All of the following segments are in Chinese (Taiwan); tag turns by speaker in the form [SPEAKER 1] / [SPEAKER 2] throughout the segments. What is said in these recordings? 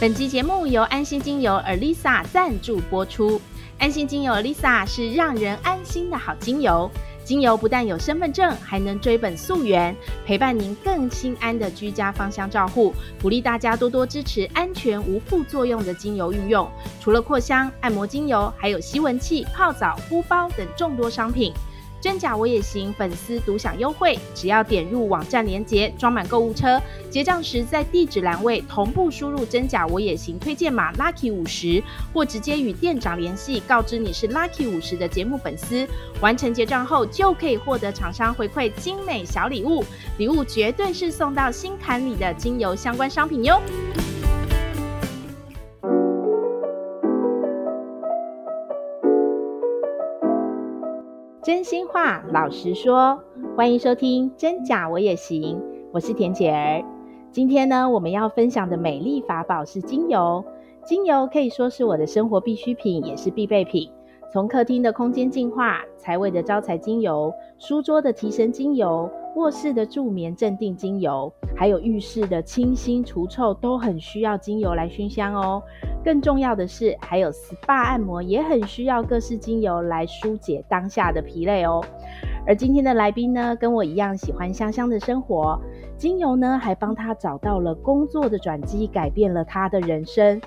[SPEAKER 1] 本期節目由安心精油爾麗 a 贊助播出。安心精油爾麗 a 是讓人安心的好精油。精油不但有身份證，還能追本溯源，陪伴您更心安的居家芳香照護。鼓勵大家多多支持安全無副作用的精油運用。除了擴香、按摩精油，還有吸蚊器、泡澡、敷包等眾多商品。真假我也行粉絲獨享優惠，只要點入網站鏈接，裝滿購物車，結賬時在地址欄位同步輸入“真假我也行”推薦碼 “lucky 五十”，或直接與店長聯繫，告知你是 “lucky 五十”的節目粉絲。完成結賬後，就可以獲得廠商回饋精美小禮物，禮物絕對是送到心坎裡的精油相關商品喲。真心話，老實說，歡迎收聽真假我也行，我是田姐兒。今天呢，我們要分享的美麗法寶是精油。精油可以說是我的生活必需品，也是必備品。從客廳的空間淨化，財位的招財精油，書桌的提神精油，臥室的助眠鎮定精油，還有浴室的清新除臭，都很需要精油來熏香哦。更重要的是，還有 SPA 按摩也很需要各式精油來紓解當下的疲累哦。而今天的來賓呢，跟我一樣喜歡香香的生活，精油呢還幫他找到了工作的轉機，改變了他的人生。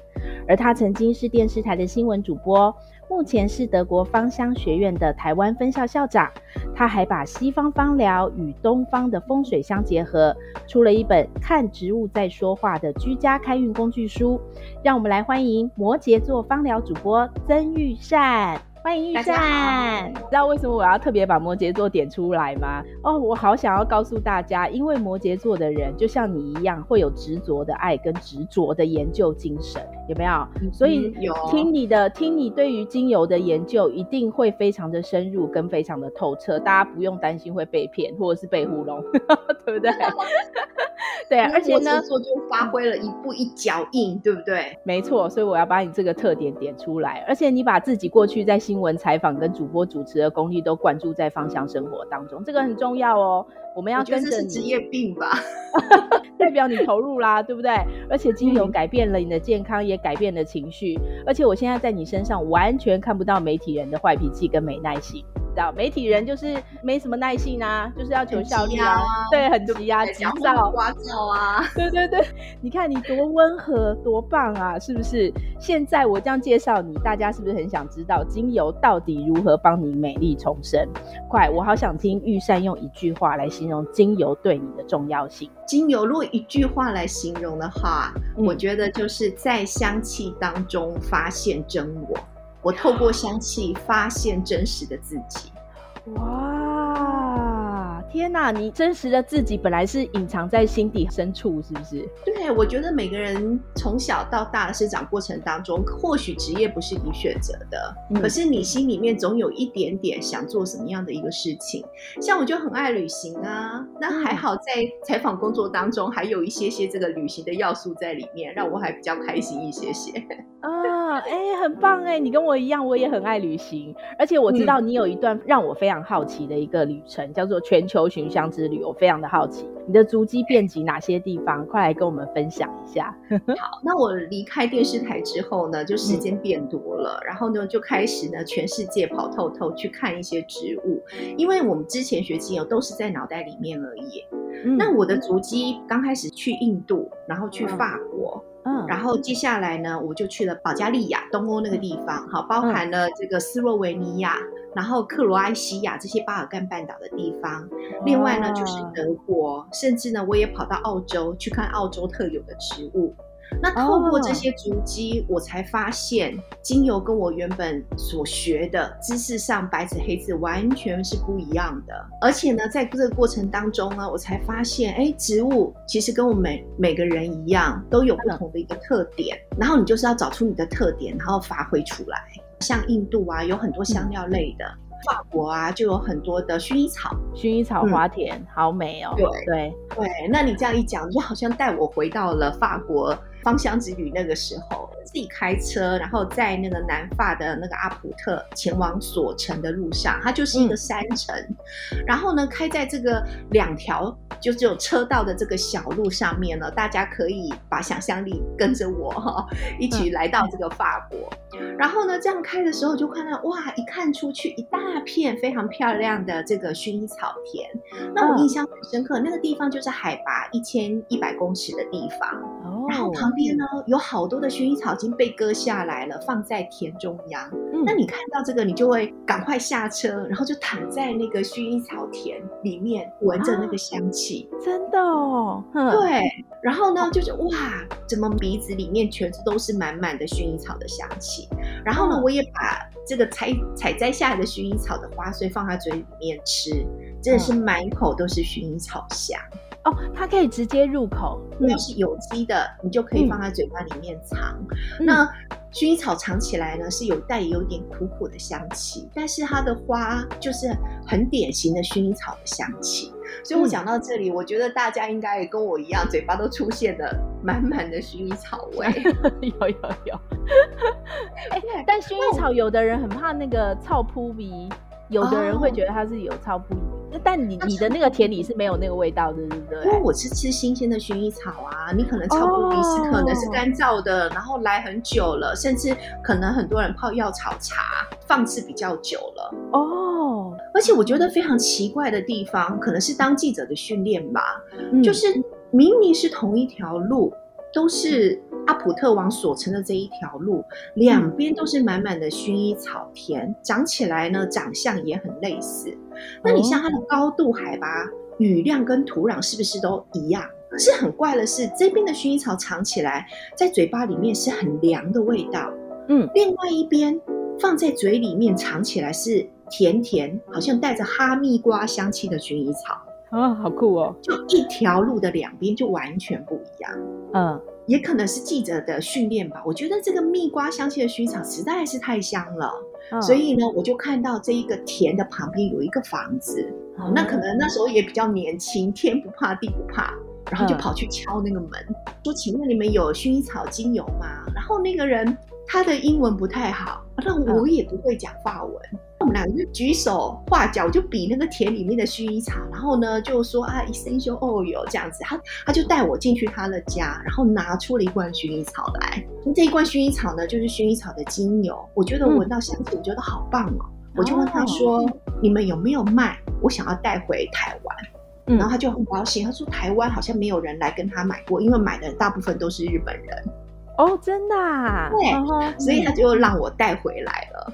[SPEAKER 1] 而他曾經是電視台的新聞主播。目前是德國芳香學院的台灣分校校長，他還把西方芳療與東方的風水相結合，出了一本《看植物在說話》的居家開運工具書。讓我們來歡迎摩羯座芳療主播曾鈺善。歡迎鈺善，知道為什麼我要特別把摩羯座點出來嗎？哦，我好想要告訴大家，因為摩羯座的人就像你一樣，會有執着的愛跟執着的研究精神，有沒有？所以、嗯、聽你的，聽你對於精油的研究，一定會非常的深入跟非常的透徹，大家不用擔心會被騙或者是被糊弄，嗯、 對不對？ 對、啊，而且呢，
[SPEAKER 2] 我就發揮了
[SPEAKER 1] 一步一腳印，對不對？沒錯，所以我要把你這個特點點出來，而且你把自己過去在新聞採訪跟主播主持的功力都灌注在芳香生活當中，這個很重要哦。我們要跟着你，職業病吧，代表你投入啦，對不對？而且精油改變了你的健康，嗯、也改變了情緒。而且我現在在你身上完全看不到媒體人的壞脾氣跟沒耐心。知道媒體人就是沒什麼耐性啊，就是要求效率啊，啊對，很急啊，急躁啊，對對對，你看你多溫和多棒啊，是不是？現在我這樣介紹你，大家是不是很想知道精油到底如何幫你美麗重生？快，我好想聽鈺善用一句話來形容精油對你的重要性。精油如果一句話來形容的話，
[SPEAKER 2] 我覺得就是在香氣當中發現真我。我透過香氣發現真實的自己。
[SPEAKER 1] Wow. 天吶，你真實的自己本來是隱藏在心底深處，是不是？
[SPEAKER 2] 對，我覺得每個人從小到大生長過程當中，或許職業不是你選擇的，嗯、可是你心裡面總有一點點想做什麼樣的一個事情。像我就很愛旅行啊，那還好在採訪工作當中還有一些些這個旅行的要素在裡面，讓我還比較開心一些些。嗯、
[SPEAKER 1] 啊，哎、欸，很棒哎、欸，你跟我一樣，我也很愛旅行，而且我知道你有一段讓我非常好奇的一個旅程，叫做全球。遊尋香之旅，我非常的好奇，你的足跡遍及哪些地方？快來跟我們分享一下。
[SPEAKER 2] 好， 那我離開電視台之後呢，就時間變多了，嗯、然後呢，就開始呢，全世界跑透透去看一些植物，因為我們之前學精油都是在腦袋裡面而已。嗯、那我的足跡剛開始去印度，然後去法國，嗯嗯、然後接下來呢，我就去了保加利亞，東歐那個地方，好，包含了這個斯洛維尼亞。嗯然後克羅埃西亞這些巴爾幹半島的地方，另外呢就是德國，甚至呢我也跑到澳洲去看澳洲特有的植物。那透過這些足跡，我才發現精油跟我原本所學的知識上白紙黑字完全是不一樣的。而且呢，在這個過程當中呢，我才發現，哎，植物其實跟我每每個人一樣，都有不同的一個特點。然後你就是要找出你的特點，然後發揮出來。像印度啊，有很多香料類的，嗯、法國啊，就有很多的薰衣草。薰衣草花
[SPEAKER 1] 田、嗯、好美哦！對對
[SPEAKER 2] 對，那你這樣一講，就好像帶我回到了法國。芳香之旅那個時候自己開車，然後在那個南法的那個阿普特前往索城的路上，它就是一個山城，嗯、然後呢，開在這個兩條就只有車道的這個小路上面呢，大家可以把想象力跟着我哈、哦，一起來到這個法國，嗯、然後呢，這樣開的時候就看到哇，一看出去一大片非常漂亮的這個薰衣草田，那我印象很深刻，那個地方就是海拔一千一百公尺的地方哦。然後旁旁邊、嗯、呢有好多的薰衣草已經被割下來了，放在田中央。嗯、那你看到這個，你就會趕快下車，然後就躺在那個薰衣草田裡面，聞着那個香氣、啊。真的？哦，對。然後呢，就是、哦、哇，怎麼鼻子裡面全是都是滿滿的薰衣草的香氣？然後呢，哦、我也把這個採採摘下來的薰衣草的花穗放在嘴裡面吃，真的是滿口都是薰衣草香。哦哦，它可以直接入口。嗯、要是有機的，你就可以放在嘴巴裡面嚐。嗯、那薰衣草嚐起來呢，是有帶有一點苦苦的香氣，但是它的花就是很典型的薰衣草的香氣。所以我講到這裡，嗯、我覺得大家應該也跟我一樣，嘴巴都出現了滿滿的薰衣草味。 有有有。
[SPEAKER 1] 哎、、 欸，對但薰衣草我有的人很怕那個臭撲鼻，有的人會覺得它是有臭撲鼻。哦那但你你的那個田裡是沒有那個味道，對
[SPEAKER 2] 不對？因為、哦、我是吃新鮮的薰衣草啊，你可能超過多斯特可能是乾燥的，哦、然後來很久了，甚至可能很多人泡藥草茶，放置比較久了哦。而且我覺得非常奇怪的地方，可能是當記者的訓練吧，嗯、就是明明是同一條路，都是阿普特王所乘的這一條路，兩邊都是滿滿的薰衣草田，嗯、長起來呢長相也很類似。那你像它的高度、海拔、哦、雨量跟土壤是不是都一樣？可是很怪的是，這邊的薰衣草嘗起來在嘴巴裡面是很涼的味道，嗯。另外一邊放在嘴裡面嘗起來是甜甜，好像帶着哈密瓜香氣的薰衣草啊、哦，好酷哦！就一條路的兩邊就完全不一樣，嗯。也可能是記者的訓練吧。我覺得這個蜜瓜香氣的薰衣草實在是太香了。Oh. 所以呢，我就看到這一個田的旁邊有一個房子，oh. 那可能那時候也比較年輕，天不怕地不怕，然後就跑去敲那個門，uh. 說請問裡面有薰衣草精油嗎？然後那個人他的英文不太好，那我也不會講法文。Uh. 那我就舉手畫腳，我就比那個田裡面的薰衣草，然後呢，就說啊，essential oil，這樣子。他他就帶我進去他的家，然後拿出了一罐薰衣草來。這一罐薰衣草呢，就是薰衣草的精油。我覺得聞到香氣，嗯、我覺得好棒哦。我就問他說，哦、你們有沒有賣？我想要帶回台灣。嗯、然後他就很高興，他說台灣好像沒有人來跟他買過，因為買的大部分都是日本人。哦，真的、啊？對，呵呵所以他就讓我帶回來了。嗯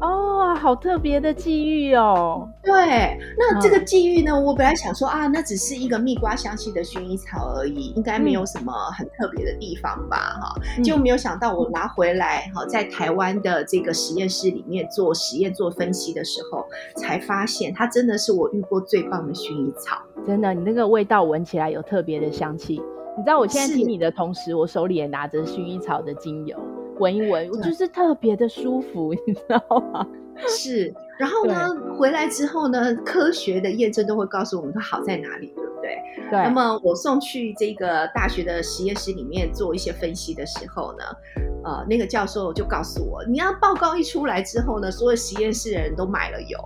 [SPEAKER 2] 哦，好特別的際遇哦！對，那這個際遇呢，我本來想說啊，那只是一個蜜瓜香氣的薰衣草而已，應該沒有什麼很特別的地方吧？哈、嗯，就沒有想到我拿回來哈，嗯、在台灣的這個實驗室裡面做實驗做分析的時候，才發現它真的是我遇過最棒的薰衣
[SPEAKER 1] 草。真的，你那個味道聞起來有特別的香氣。你知道，我現在聽你的同時，是我手裡也拿着薰衣草的精油。聞一聞，對我就是特別的舒服，對你知道嗎？是，然後呢，對回來之後
[SPEAKER 2] 呢，科學的驗證都會告訴我們它好在哪裡，對不對？對。那麼我送去這個大學的實驗室裡面做一些分析的時候呢，呃，那個教授就告訴我，你要報告一出來之後呢，所有實驗室的人都買了油。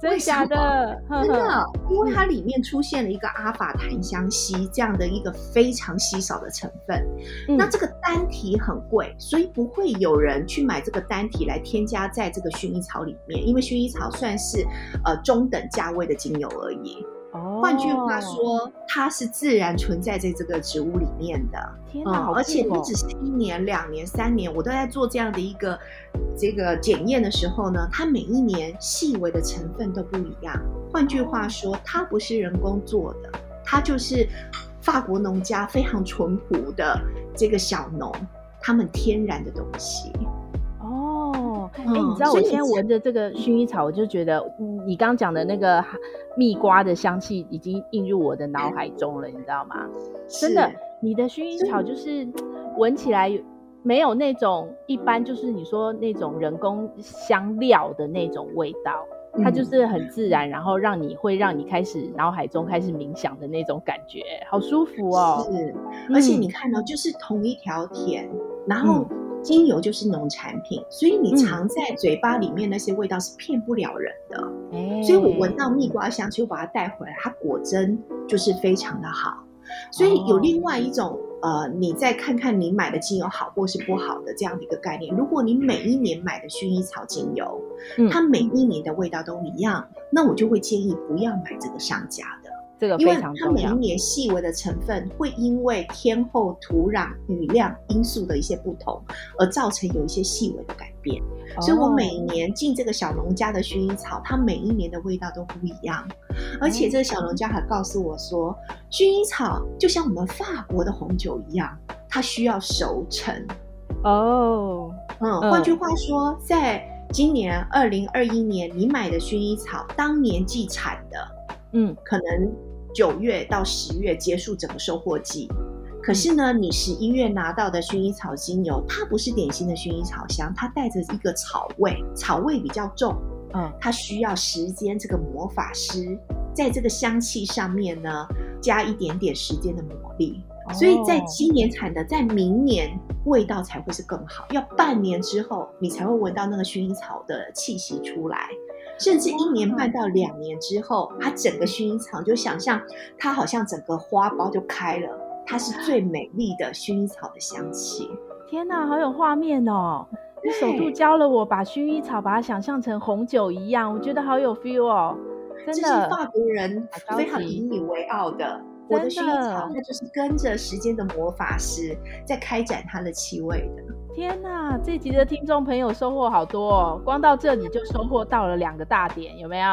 [SPEAKER 2] 真的，假的？真的，因為它裡面出現了一個阿法檀香烯這樣的一個非常稀少的成分，嗯，那這個單體很貴，所以不會有人去買這個單體來添加在這個薰衣草裡面，因為薰衣草算是呃中等價位的精油而已。換句話說，它是自然存在在這個植物裡面的。天吶，哦、而且你只是一年、兩年、三年，我都在做這樣的一個這個檢驗的時候呢，它每一年細微的成分都不一樣。換句話說，它不是人工做的，它就是法國農家非常淳樸的這
[SPEAKER 1] 個小農，他們天然的東西。哎，欸、你知道我現在聞着這個薰衣草，我就覺得、嗯、你剛剛講的那個蜜瓜的香氣已經映入我的腦海中了，你知道嗎？是。真的，你的薰衣草就是聞起來沒有那種一般就是你說那種人工香料的那種味道，它就是很自然，然後讓你會讓你開始腦海中開始冥想的那種感覺、欸，好舒服哦。是，
[SPEAKER 2] 嗯、而且你看到、喔、就是同一條田，嗯、然後。精油就是農產品，所以你藏在嘴巴裡面那些味道是騙不了人的。嗯嗯、所以，我聞到蜜瓜香，就把它帶回來，它果真就是非常的好。所以，有另外一種，哦、呃，你再看看你買的精油好或是不好的這樣的一個概念。如果你每一年買的薰衣草精油，它每一年的味道都一樣，嗯、那我就會建議不要買這個商家的。這個非常重要。因為它每一年細微的成分會因為天候、土壤、雨量因素的一些不同，而造成有一些細微的改變。哦、所以我每一年進這個小農家的薰衣草，它每一年的味道都不一樣。而且這個小農家還告訴我說，嗯、薰衣草就像我們法國的紅酒一樣，它需要熟成。哦，嗯，嗯換句話說，在今年二零二一年你買的薰衣草，當年季產的，嗯，可能。九月到十月結束整個收穫季，可是呢，你十一月拿到的薰衣草精油，它不是典型的薰衣草香，它帶着一個草味，草味比較重。嗯，它需要時間，這個魔法師在這個香氣上面呢，加一點點時間的魔力，所以在今年產的，在明年味道才會是更好，要半年之後你才會聞到那個薰衣草的氣息出來。甚至一年半到兩年之後，嗯、它整個薰衣草就想象它好像整個花苞就開了，它是最美麗的薰衣草的香氣。
[SPEAKER 1] 天哪，啊，嗯、好有畫面哦！你對首度教了我把薰衣草把它想象成紅酒一樣，嗯、我覺得好有 feel 哦。真的，這是法國人非常引以為傲的。啊，的，我的薰衣草，它就是跟着時間的魔法師在開展它的氣味的。天吶，這集的聽眾朋友收穫好多、哦，光到這裡就收穫到了兩個大點，有沒有？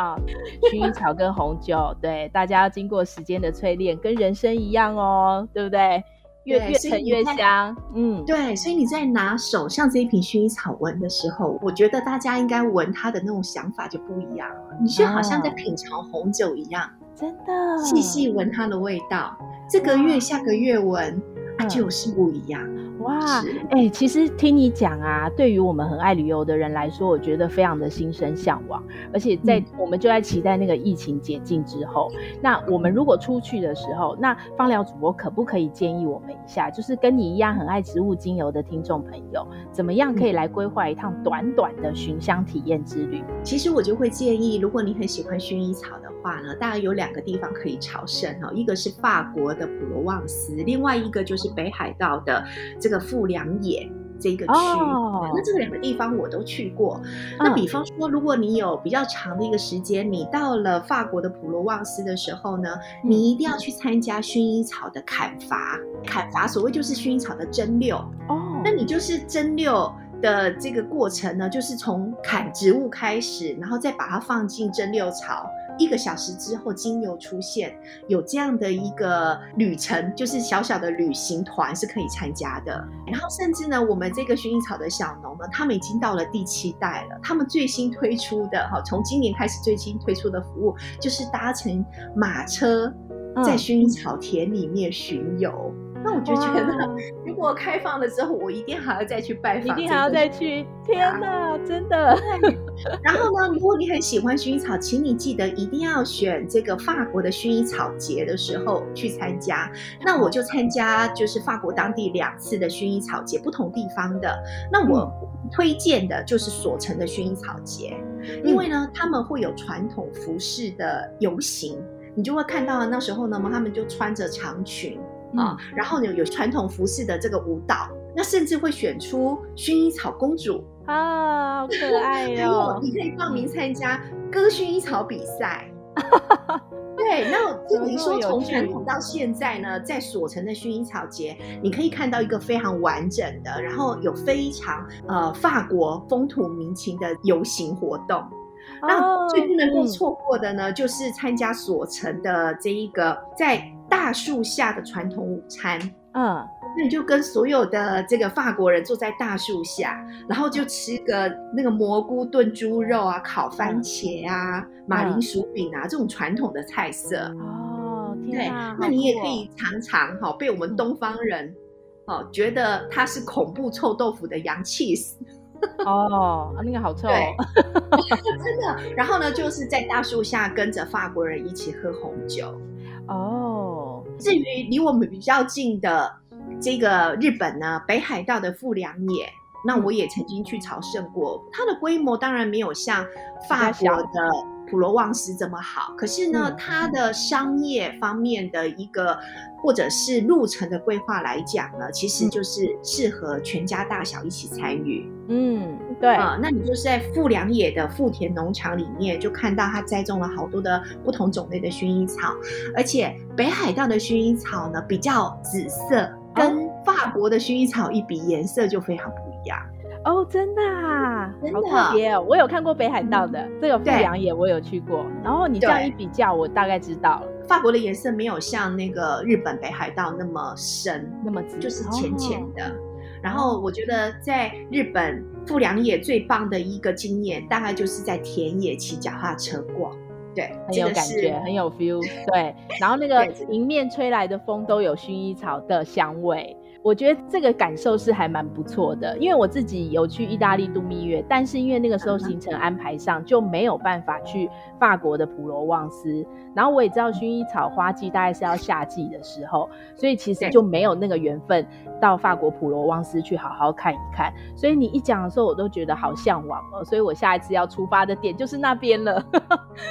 [SPEAKER 1] 薰衣草跟紅酒，對，大家要經過時間的淬煉，跟人生一樣哦，對不對？越對越陳越香，嗯，
[SPEAKER 2] 對，所以你在拿手上這一瓶薰衣草聞的時候，我覺得大家應該聞它的那種想法就不一樣了，你就好像在品嘗紅酒一樣，
[SPEAKER 1] 嗯、真的，細細
[SPEAKER 2] 聞它的味道，這個月下個月聞。哦啊、就是不一樣、
[SPEAKER 1] 嗯、哇！哎是、欸，其實聽你講啊，對於我們很愛旅遊的人來說，我覺得非常的心生向往。而且在我們就在期待那個疫情解禁之後，嗯、那我們如果出去的時候，那芳療主播可不可以建議我們一下？就是跟你一樣很愛植物精油的聽眾朋友，怎麼樣可以來規劃一趟短短的尋香體驗之旅、嗯？其實我就會建議，如果你很喜歡薰衣草的話呢，大概有兩個地方可
[SPEAKER 2] 以朝聖哈、哦，一個是法國的普羅旺斯，另外一個就是。北海道的這個富良野這個區，oh. 那這個兩個地方我都去過。Uh. 那比方說，如果你有比較長的一個時間，你到了法國的普羅旺斯的時候呢，你一定要去參加薰衣草的砍伐。砍伐所謂就是薰衣草的蒸六餾哦，oh. 那你就是蒸餾的這個過程呢，就是從砍植物開始，然後再把它放進蒸餾槽。一個小時之後，精油出現有這樣的一個旅程，就是小小的旅行團是可以參加的。然後，甚至呢，我們這個薰衣草的小農呢，他們已經到了第七代了。他們最新推出的哈，從今年開始最新推出的服務就是搭乘馬車在薰衣草田裡面巡遊，嗯。
[SPEAKER 1] 那我就覺得，如果開
[SPEAKER 2] 放了之後，我一定還要再去拜訪，一定還要再去。啊、天哪，真的。 然後呢，如果你很喜歡薰衣草，請你記得一定要選這個法國的薰衣草節的時候去參加。那我就參加就是法國當地兩次的薰衣草節，不同地方的。那我推薦的就是索城的薰衣草節，因為呢，嗯、他們會有傳統服飾的遊行，你就會看到那時候呢，他們就穿着長裙啊，嗯、然後呢有傳統服飾的這個舞蹈，那甚至會選出薰衣草公主。啊，好可愛喲、哦！ 你可以報名參加歌薰衣草比賽。 對，那就你說從傳統到現在呢，在索城的薰衣草節，你可以看到一個非常完整的，然後有非常呃法國風土民情的遊行活動。哦、那最不能夠錯過的呢，嗯、就是參加索城的這一個在大樹下的傳統午餐。嗯。那你就跟所有的這個法國人坐在大樹下，然後就吃個那個蘑菇燉豬肉啊，烤番茄啊，馬鈴薯餅啊，嗯、這種傳統的菜色哦。天啊、對，那你也可以嘗嘗哈，被我們東方人哦覺得它是恐怖臭豆腐的洋起司 哦，那個好臭、哦，對 真的。然後呢，就是在大樹下跟着法國人一起喝紅酒哦。至於離我們比較近的。這個日本呢，北海道的富良野，那我也曾經去朝聖過。它的規模當然沒有像法國的普羅旺斯這麼好，可是呢，它的商業方面的一個或者是路程的規劃來講呢，其實就是適合全家大小一起參與。嗯，對啊，那你就是在富良野的富田農場裡面，就看到它栽種了好多的不同種類的薰衣草，而且北海道的薰衣草呢比較紫色。跟法國的薰衣草一比，顏色就非常不一樣
[SPEAKER 1] 哦，真的啊，嗯、真的。好特別哦！我有看過北海道的、嗯、這個富良野，
[SPEAKER 2] 我有去過。對
[SPEAKER 1] 然後你這樣一比較，對我大概知道了，法國
[SPEAKER 2] 的顏色沒有像那個日本北海道那麼深，那麼紫，就是淺淺的。哦、然後我覺得在日本富良野最棒的一個經驗，大概
[SPEAKER 1] 就是在田野騎腳踏車逛。對，很有感覺，很有 feel。對， 然後那個迎面吹來的風都有薰衣草的香味。我覺得這個感受是還蠻不錯的，因為我自己有去意大利度蜜月，嗯、但是因為那個時候行程安排上就沒有辦法去法國的普羅旺斯，然後我也知道薰衣草花季大概是要夏季的時候，所以其實就沒有那個緣分到法國普羅旺斯去好好看一看。所以你一講的時候，我都覺得好嚮往哦，所以我下一次要出發的點就是那邊了。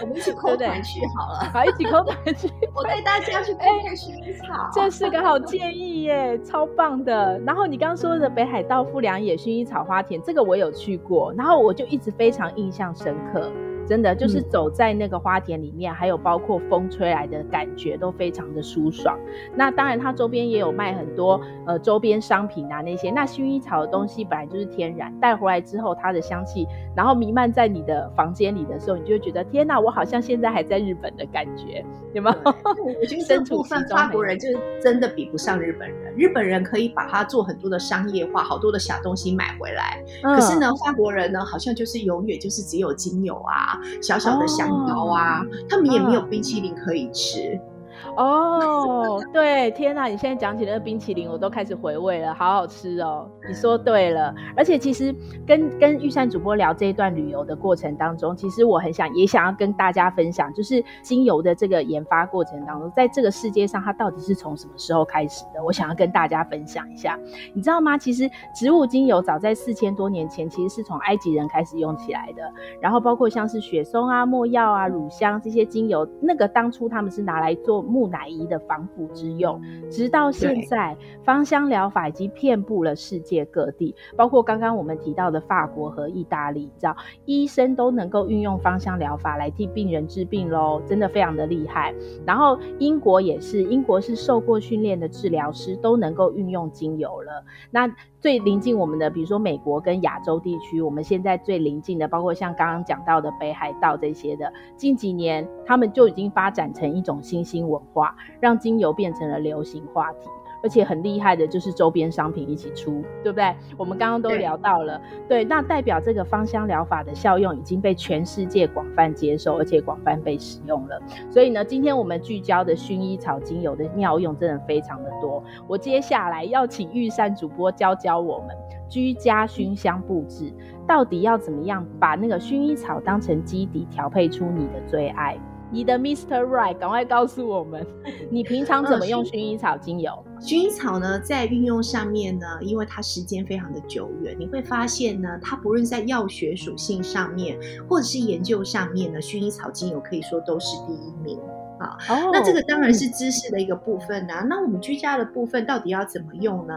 [SPEAKER 1] 我們一起揪團去好了， 對對 好，一起揪團去。我帶
[SPEAKER 2] 大家去看薰衣草，這是個好
[SPEAKER 1] 建議耶、欸，超棒。的，然後你剛剛說的北海道富良野薰衣草花田，這個我有去過，然後我就一直非常印象深刻。真的就是走在那個花田裡面，嗯、還有包括風吹來的感覺都非常的舒爽。嗯、那當然，它周邊也有賣很多、嗯、呃周邊商品啊那些。那薰衣草的東西本來就是天然，帶、嗯、回來之後它的香氣，然後彌漫在你的房間裡的時候，你就會覺得天哪，我好像現在還在日本的感覺，是有沒有？我覺得這部分法國人就是真的比不上日本人。日本人可以把它做很多的
[SPEAKER 2] 商業化，好多的小東西買回來。嗯、可是呢，法國人呢好像就是永遠就是只有精油啊。小小的香茅啊，哦、他們也沒有冰淇淋可以吃。哦。
[SPEAKER 1] 哦，對，天哪，啊！你現在講起那個冰淇淋，我都開始回味了，好好吃哦。你說對了，嗯、而且其實跟跟鈺善主播聊這一段旅遊的過程當中，其實我很想也想要跟大家分享，就是精油的這個研發過程當中，在這個世界上它到底是從什麼時候開始的？我想要跟大家分享一下，你知道嗎？其實植物精油早在四千多年前其實是從埃及人開始用起來的，然後包括像是雪松啊、沒藥啊、乳香這些精油，那個當初他們是拿來做。木乃伊的防腐之用，直到現在，對芳香療法已經遍佈了世界各地，包括剛剛我們提到的法國和意大利，你知道，醫生都能夠運用芳香療法來替病人治病咯，真的非常的厲害。然後英國也是，英國是受過訓練的治療師都能夠運用精油了。那最臨近我們的，比如說美國跟亞洲地區，我們現在最臨近的，包括像剛剛講到的北海道這些的，近幾年他們就已經發展成一種新興文化，讓精油變成了流行話題。而且很厲害的就是周邊商品一起出，對不對？我們剛剛都聊到了，嗯、對，那代表這個芳香療法的效用已經被全世界廣泛接受，而且廣泛被使用了。所以呢，今天我們聚焦的薰衣草精油的妙用，真的非常的多。我接下來要請鈺善主播教教我們居家薰香布置，到底要怎麼樣把那個薰衣草當成基底調配出你的最愛。你的 Mr. Right，趕快告訴我們，你平常怎麼用薰衣草精油？薰衣草呢，在運用上面呢，因
[SPEAKER 2] 為它時間非常的久遠，你會發現呢，它不論在藥學屬性上面，或者是研究上面呢，薰衣草精油可以說都是第一名。好，哦、那這個當然是知識的一個部分啊。嗯、那我們居家的部分到底要怎麼用呢？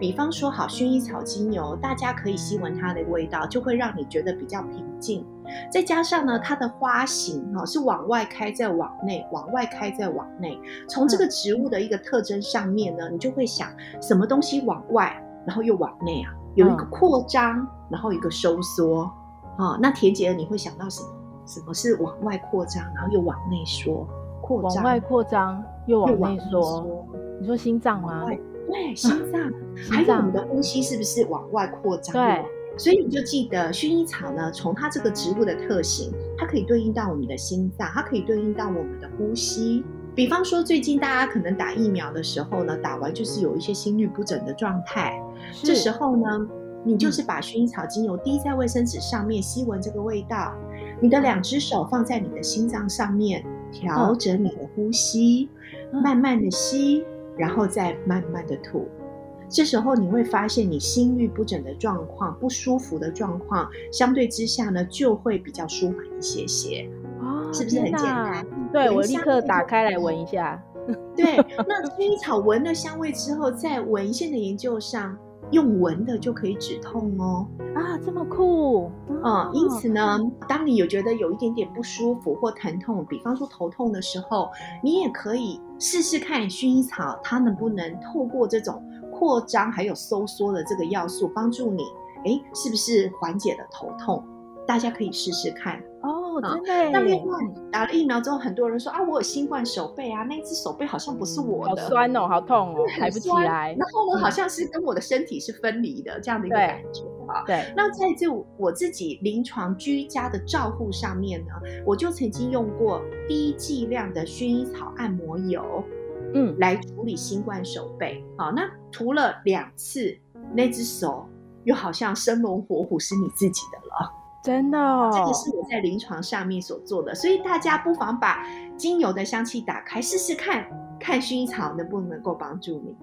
[SPEAKER 2] 比方說，好，薰衣草精油，大家可以吸聞它的味道，就會讓你覺得比較平靜。再加上呢，它的花型哈、哦、是往外開再往內，往外開再往內。從這個植物的一個特徵上面呢，嗯、你就會想，什麼東西往外，然後又往內啊？有一個擴張，嗯、然後一個收縮啊、哦？那恬姐兒，你會想到什麼？什麼是往外擴張，然後又往內縮？往外擴張，又往內縮。內縮你說心臟嗎？對，心臟。心臟、嗯，還有我們的呼吸是不是往外擴張臟？對。所以你就記得，薰衣草呢，從它這個植物的特性，它可以對應到我們的心臟，它可以對應到我們的呼吸。比方說，最近大家可能打疫苗的時候呢，打完就是有一些心律不整的狀態。是這時候呢，你就是把薰衣草精油滴在衛生紙上面，吸聞這個味道。你的兩只手放在你的心臟上面。調整你的呼吸，嗯、慢慢的吸，然後再慢慢的吐。這時候你會發現，你心率不整的狀況、不舒服的狀況，相對之下呢，就會比較
[SPEAKER 1] 舒緩一些些。
[SPEAKER 2] 哦、是不是很簡單？對香，我立刻
[SPEAKER 1] 打開來聞一下。
[SPEAKER 2] 對，那薰衣草聞了香味之後，在文獻的研究上，用聞的就可以止痛哦啊，這麼酷啊！嗯嗯、因此呢，Okay. 當你有覺得有一點點不舒服或疼痛，比方說頭痛的時候，你也可以試試看薰衣草它能不能透過這種擴張還有收縮的這個要素幫助你，哎，是不是緩解了頭痛？大家可以試試看哦。Oh. 真的，那另外打了疫苗之後，很多人說啊，我有新冠手背啊，那只手背好像不是我的，嗯、好酸哦，好痛哦，抬不起來。然後我好像是跟我的身體是分離的，嗯、這樣的一個感覺啊。對，哦、對那在這我，我自己臨床居家的照護上面呢，我就曾經用過低劑量的薰衣草按摩油，嗯，來處理新冠手背。好、嗯哦，那塗了兩次，那只手又好像生龍活虎是你自己的了。真的，哦，這個是我在臨床上面所做的，所以大家不妨把精油的香氣打開試試看，
[SPEAKER 1] 看薰衣草能不能夠幫助你。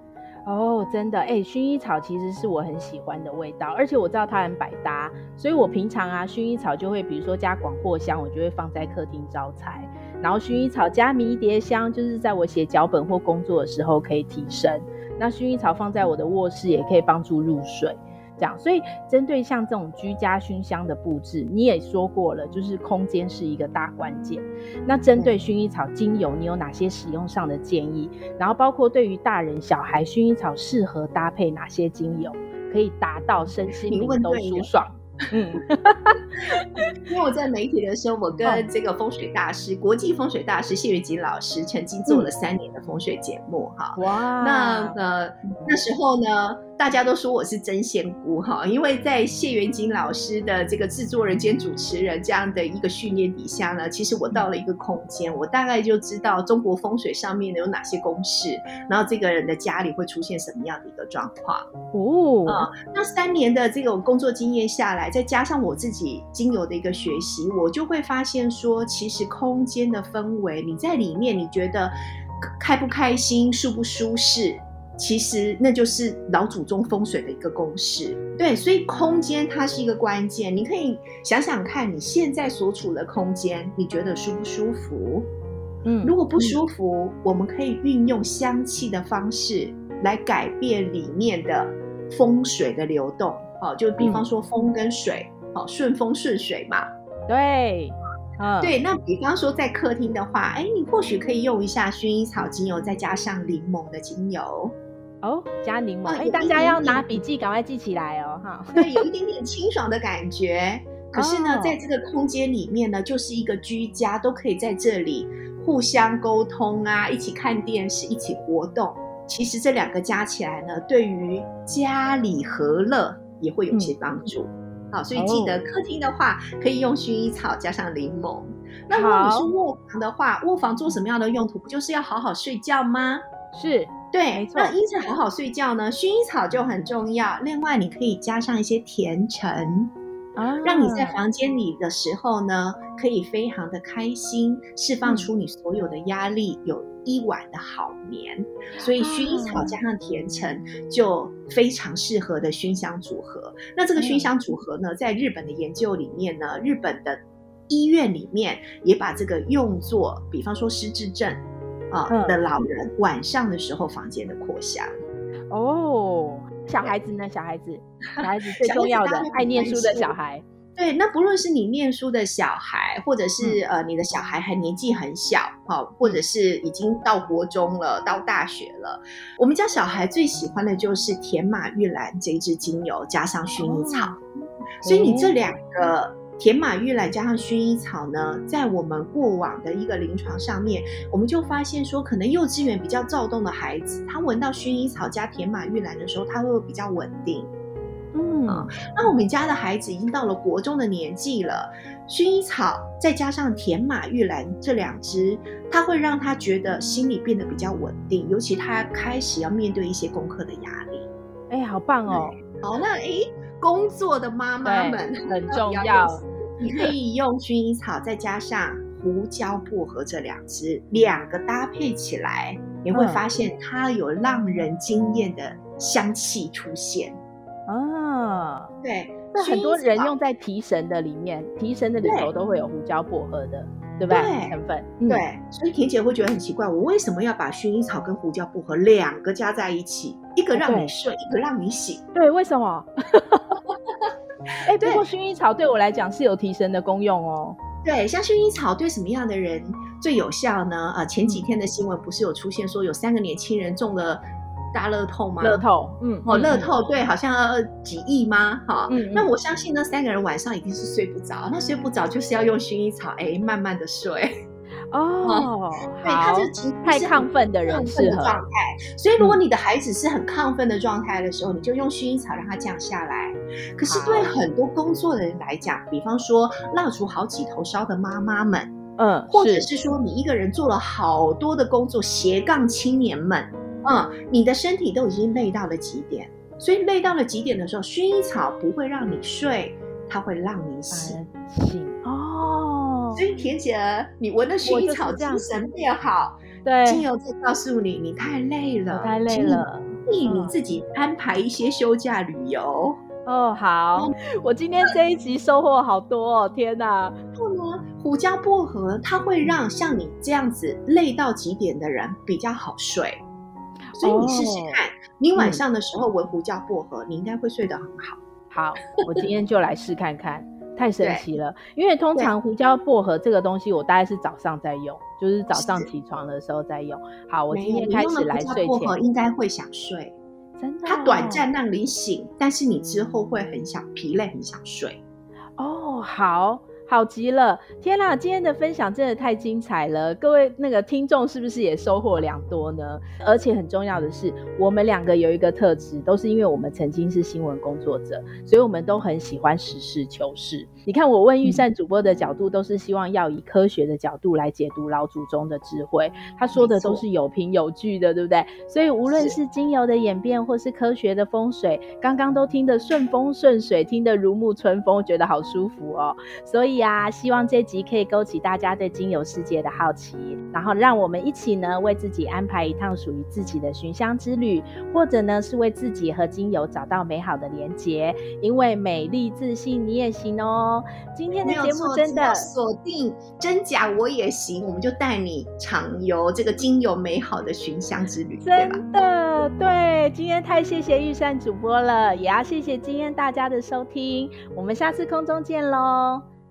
[SPEAKER 1] 哦，真的，哎，薰衣草其實是我很喜歡的味道，而且我知道它很百搭，所以我平常啊，薰衣草就會比如說加廣藿香，我就會放在客廳招財；然後薰衣草加迷迭香，就是在我寫腳本或工作的時候可以提神。那薰衣草放在我的臥室，也可以幫助入睡。這樣，所以針對像這種居家熏香的布置，你也說過了，就是空間是一個大關鍵。那針對薰衣草精油，你有哪些使用上的建議？嗯、然後包括對於大人小孩，薰衣草適合搭配哪些精油，可以達到身心靈都舒爽？嗯， 因為我在
[SPEAKER 2] 媒體的時候，我跟這個風水大師、國際風水大師謝玉錦老師曾經做了三年的風水節目，哈、嗯。好哇，那呃、嗯、那時候呢？大家都說我是真仙姑哈，因為在謝元錦老師的這個制作人兼主持人這樣的一個訓練底下呢，其實我到了一個空間，我大概就知道中國風水上面的有哪些公式，然後這個人的家裡會出現什麼樣的一個狀
[SPEAKER 1] 況
[SPEAKER 2] 哦。那三年的這種工作經驗下來，再加上我自己精油的一個學習，我就會發現說，其實空間的氛圍，你在裡面你覺得開不開心，舒不舒適。其實那就是老祖宗風水的一個公式，對，所以空間它是一個關鍵。你可以想想看，你現在所處的空間，你覺得舒不舒服？嗯，如果不舒服，嗯、我們可以運用香氣的方式來改變裡面的風水的流動。哦，就比方說風跟水，嗯、哦，順風順水嘛。對，嗯，對。那比方說在客廳的話，誒，你或許可以用一下薰衣草精油，再加上檸檬的精油。哦，加檸檬，欸、有一點點大家要拿筆
[SPEAKER 1] 記，趕快記起來哦，哈。對，
[SPEAKER 2] 有一點點清爽的感覺。 可是呢，在這個空間裡面呢，就是一個居家，都可以在這裡互相溝通啊，一起看電視，一起活動。其實這兩個加起來呢，對於家裡和樂也會有一些幫助。嗯、好，所以記得客廳的話，可以用薰衣草加上檸檬。好那如果你是臥房的話，臥房做什麼樣的用途？不就是要好好睡覺嗎？是對，沒錯。那因此好好睡覺呢，薰衣草就很重要。另外，你可以加上一些甜橙。啊，讓你在房間裡的時候呢，可以非常的開心，釋放出你所有的壓力，有一晚的好眠。所以，薰衣草加上甜橙就非常適合的薰香組合。那這個薰香組合呢，在日本的研究裡面呢，日本的醫院裡面也把這個用作，比方說失智症。啊、哦嗯、的老人晚上的時候房間的擴香哦，對小孩子呢？小孩子，小孩子最重要的 愛唸書的小孩，對，那不論是你唸書的小孩，或者是、嗯、呃你的小孩還年紀很小哈、哦，或者是已經到國中了，到大學了，我們家小孩最喜歡的就是甜馬鬱蘭這一支精油加上薰衣草，嗯、
[SPEAKER 1] 所以你這
[SPEAKER 2] 兩個。嗯甜馬鬱蘭加上薰衣草呢，在我們過往的一個臨床上面，我們就發現說，可能幼稚園比較躁動的孩子，他聞到薰衣草加甜馬鬱蘭的時候，他會比較穩定。嗯，哦、那我們家的孩子已經到了國中的年紀了，薰衣草再加上甜馬鬱蘭這兩支，它會讓他覺得心理變得比較穩定，尤其他開始要面對一些功課的壓力。哎，好棒哦！好、哦，那誒，工作的媽媽們很重要，
[SPEAKER 1] 要。你可以
[SPEAKER 2] 用薰衣草，再加上胡椒薄荷這兩支，兩個搭配起來，你、嗯、會發現它有讓人驚艷的香氣出現。
[SPEAKER 1] 啊，對，那很多人用在提神的裡面，提神的裡頭都會有胡椒薄荷的。對吧？對，成分對，嗯、所以恬姐會覺得很奇怪，我為什麼要把薰衣草跟胡椒薄荷兩個加在一起？一個讓你睡，一個讓你醒。對，為什麼？哎，不過薰衣草對我來講是有提神的功用哦。
[SPEAKER 2] 對，像薰衣草對什麼樣的人最有效呢？啊、呃，前幾天的新聞不是有出現說有三個年輕人中了。大樂透嗎？樂透，嗯，哦，樂透，對，好像幾億嗎？哈，嗯，那我相信那三個人晚上一定是睡不着，那睡不着就是要用薰衣草，哎，慢慢的睡。哦，對，他就其實太亢奮的人適合，所以如果你的孩子是很亢奮的狀態的時候，你就用薰衣草讓他降下來。可是對很多工作的人來講，比方說蠟燭好幾頭燒的媽媽們，嗯，或者是說你一個人做了好多的工作，斜槓青年們。嗯，你的身體都已經累到了極點，所以累到了極點的時候，薰衣草不會讓你睡，它會讓你醒、嗯、哦。所以恬姐，你聞了薰衣草，這樣精神變好。對，精油就告訴你你太累了，太累了替你，你自己安排一些休假旅
[SPEAKER 1] 遊。嗯、哦，好，嗯、我今天這一集收穫好多哦，天哪！然後呢，
[SPEAKER 2] 胡椒薄荷它會讓像你這樣子累到極點的人比較
[SPEAKER 1] 好睡。
[SPEAKER 2] 所以你試試看，哦、你晚上的時候聞胡椒薄荷，嗯、你應該會睡
[SPEAKER 1] 得很好。好，我今天就來試看看， 太神奇了。因為通常胡椒薄荷這個東西，我大概是早上在用，對就是早上起床的時候在用。是好，我今天開始來睡前，胡椒薄荷應該會想睡。
[SPEAKER 2] 真的、哦，它短暫讓你醒，但是你之後會很想疲累，很想睡。
[SPEAKER 1] 嗯、哦，好。好極了！天啦，今天的分享真的太精彩了，各位那個聽眾是不是也收穫良多呢？而且很重要的是，我們兩個有一個特質，都是因為我們曾經是新聞工作者，所以我們都很喜歡實事求是。你看，我問鈺善主播的角度，都是希望要以科學的角度來解讀老祖宗的智慧。他說的都是有憑有據的，對不對？所以無論是精油的演變，是或是科學的風水，剛剛都聽得順風順水，聽得如沐春風，覺得好舒服哦。所以。呀，希望這集可以勾起大家對精油世界的好奇，然後讓我們一起呢，為自己安排一趟屬於自己的尋香之旅，或者呢，是為自己和精油找到美好的連接。因為美麗自信你也行哦、喔！今天的節目真的
[SPEAKER 2] 鎖定真假我也行，我們就帶你暢遊這個精油美好的尋香之旅，對吧？真
[SPEAKER 1] 的對，今天太謝謝鈺善主播了，也要謝謝今天大家的收聽，我們下次空中見嘍。